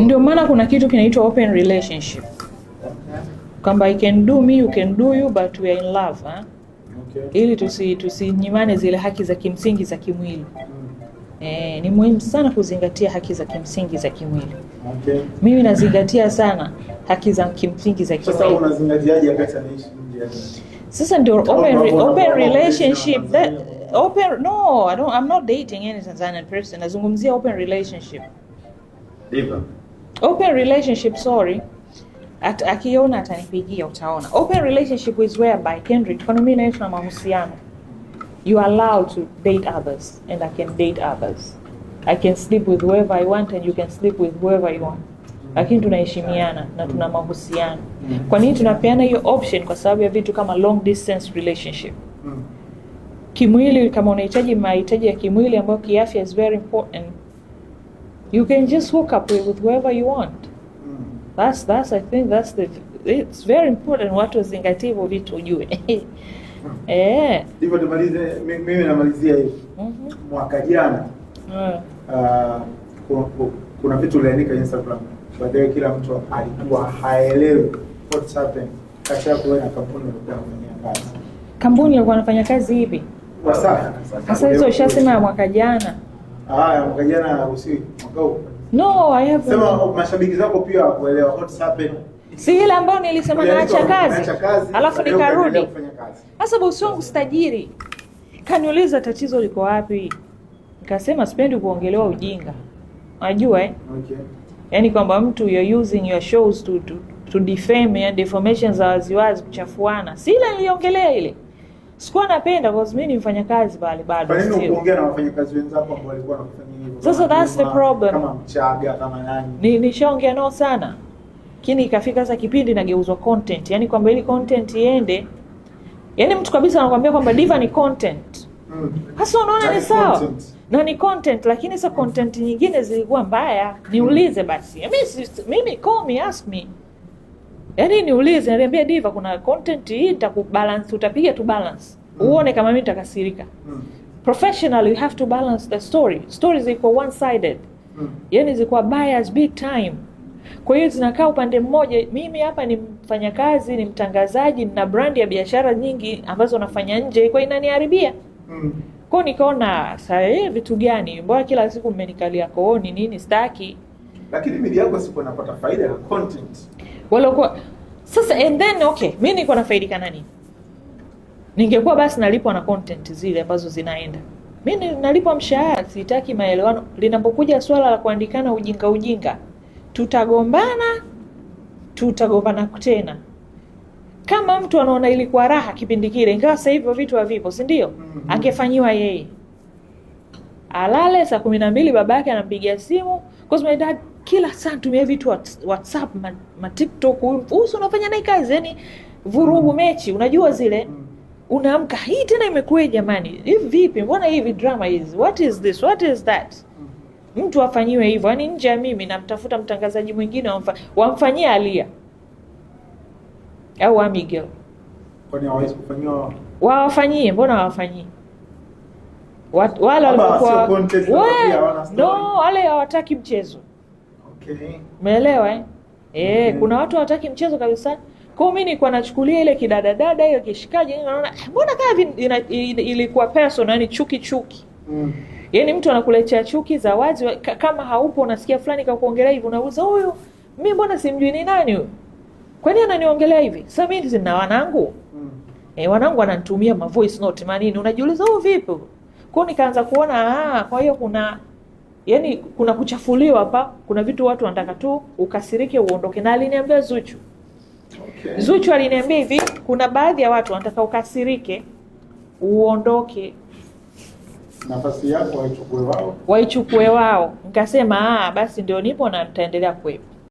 Ndio maana kuna kitu kinaitwa open relationship kwamba I can do me, you can do you but we are in love ha? Okay. Ili tusi tusinyimane zile haki za kimsingi za kimwili mm. Eh, ni muhimu sana kuzingatia haki za kimsingi za kimwili okay. Mimi nazingatia sana haki za kimsingi za kimwili. Sasa unazingatiaje wakati anaishi nje sasa ndio open open relationship that open no I don't I'm not dating any Tanzanian person. Nazungumzia open relationship. Diva. Open relationship, sorry. At, akiona atanipigia utaona. Open relationship is whereby Kendrick, kwa mimi naishi na mahusiano. You are allowed to date others and I can date others. I can sleep with whoever I want and you can sleep with whoever you want. Lakini tunaheshimiana na tuna mahusiano. Kwa nini tunapeana hiyo option? Kwa sababu ya vitu kama long distance relationship. Mm. Kimwili, kama unahitaji mahitaji ya kimwili ambayo kiafya is very important you can just hook up with whoever you want. Mm. That's, that's I think that's the it's very important what watu wazingatie hivyo vitu ujue. Eh. Hivyo tumalize, mimi namalizia hivi. Mhm. Mwaka jana eh. ah, kuna vitu lainika Instagram, baadaye kila mtu alikuwa haelewi what's happening kati yako na kampuni ilikuwa inafanya kazi, kampuni ilikuwa inafanya kazi hivi. Sasa hizo ushasema ya mwaka jana Ah, mwaka jana usi mwaka No, I have Sema oh, mashabiki zako pia waelewa what's happened. Si ile ambayo nilisema naacha kazi. alafu nikarudi. Sasa bosi wangu sitajiri kaniuliza tatizo liko wapi, nikasema sipendi kuongelewa ujinga, unajua eh? Okay. Yaani kwamba mtu you're using your shows to, to, to defame and eh, defamations za waziwazi kuchafuana, si ile niliongelea ile sikuwa napenda kwa sababu mimi ni mfanyakazi pale bado. Kwa nini unaongea na wafanyakazi wenzako ambao walikuwa wanakufanyia hivyo? Sasa that's the problem. Kama mchaga kama nani? Ni nishaongea nao sana. Lakini ikafika sasa kipindi nageuzwa content. Yaani kwamba ili content iende. Yaani mtu kabisa anakuambia kwamba Diva ni content. Mm. Sasa unaona ni sawa? Na ni content lakini sasa content nyingine zilikuwa mbaya. Niulize basi. Mimi mimi call me ask me. Yaani niulize, niambia Diva, kuna content hii nitakubalance, utapiga tu balance. Mm. Uone kama mimi nitakasirika. Mm. Professionally you have to balance the story. Stories ziko one sided. Mm. Yaani ziko bias big time. Kwa hiyo zinakaa upande mmoja. Mimi hapa ni mfanyakazi, ni mtangazaji, nina brand ya biashara nyingi ambazo nafanya nje, kwa inaniharibia. Mm. Kwa nikaona sasa eh, vitu gani? Mbona kila siku mmenikalia kooni nini staki? Lakini mimi yako sipo napata faida ya content waliokuwa sasa and then okay, mi niko nafaidika na nini? Ningekuwa basi nalipwa na content zile ambazo zinaenda, mi nalipwa mshahara. Sitaki maelewano. Linapokuja swala la kuandikana ujinga ujinga, tutagombana, tutagombana tena. Kama mtu anaona ilikuwa raha kipindi kile, ingawa sasa hivyo vitu havipo, si ndio? Mhm. Angefanyiwa yeye, alale saa kumi na mbili baba anampigia simu, my dad kila saa tumia vitu WhatsApp ma, ma TikTok uhusu unafanya naye kazi yani vurugu mm. mechi unajua zile mm. unaamka hii tena imekuwa jamani, hivi vipi? Mbona hivi drama hizi, what is this, what is that? Mm. Mtu afanyiwe hivyo yani, nje ya mimi namtafuta mtangazaji mwingine wamfa, wamfanyie Alia au Amigel, kwani kufanyiwa? Wawafanyie, mbona wawafanyie wale walikuwa wale hawataki mchezo Umeelewa eh? Eh, mm. -hmm. Kuna watu hawataki mchezo kabisa. Kwa mimi nilikuwa nachukulia ile kidada dada hiyo kishikaji, naona mbona kama ilikuwa personal, yani chuki chuki. Mm. Yaani mtu anakuletea chuki za wazi kama haupo, unasikia fulani kakuongelea hivi, unauza oh, huyu, mimi mbona simjui ni nani huyu? Kwa nini ananiongelea hivi? Sasa mimi nina wanangu. Mm. Eh, wanangu wananitumia ma voice note manini, unajiuliza huyu oh, vipi? Kwa nikaanza kuona ah, kwa hiyo kuna yani kuna kuchafuliwa hapa, kuna vitu watu wanataka tu ukasirike uondoke. Na aliniambia Zuchu, okay. Zuchu aliniambia hivi, kuna baadhi ya watu wanataka ukasirike uondoke, nafasi yako waichukue wao, waichukue wao. Nikasema ah, basi ndio nipo na nitaendelea kuwepo.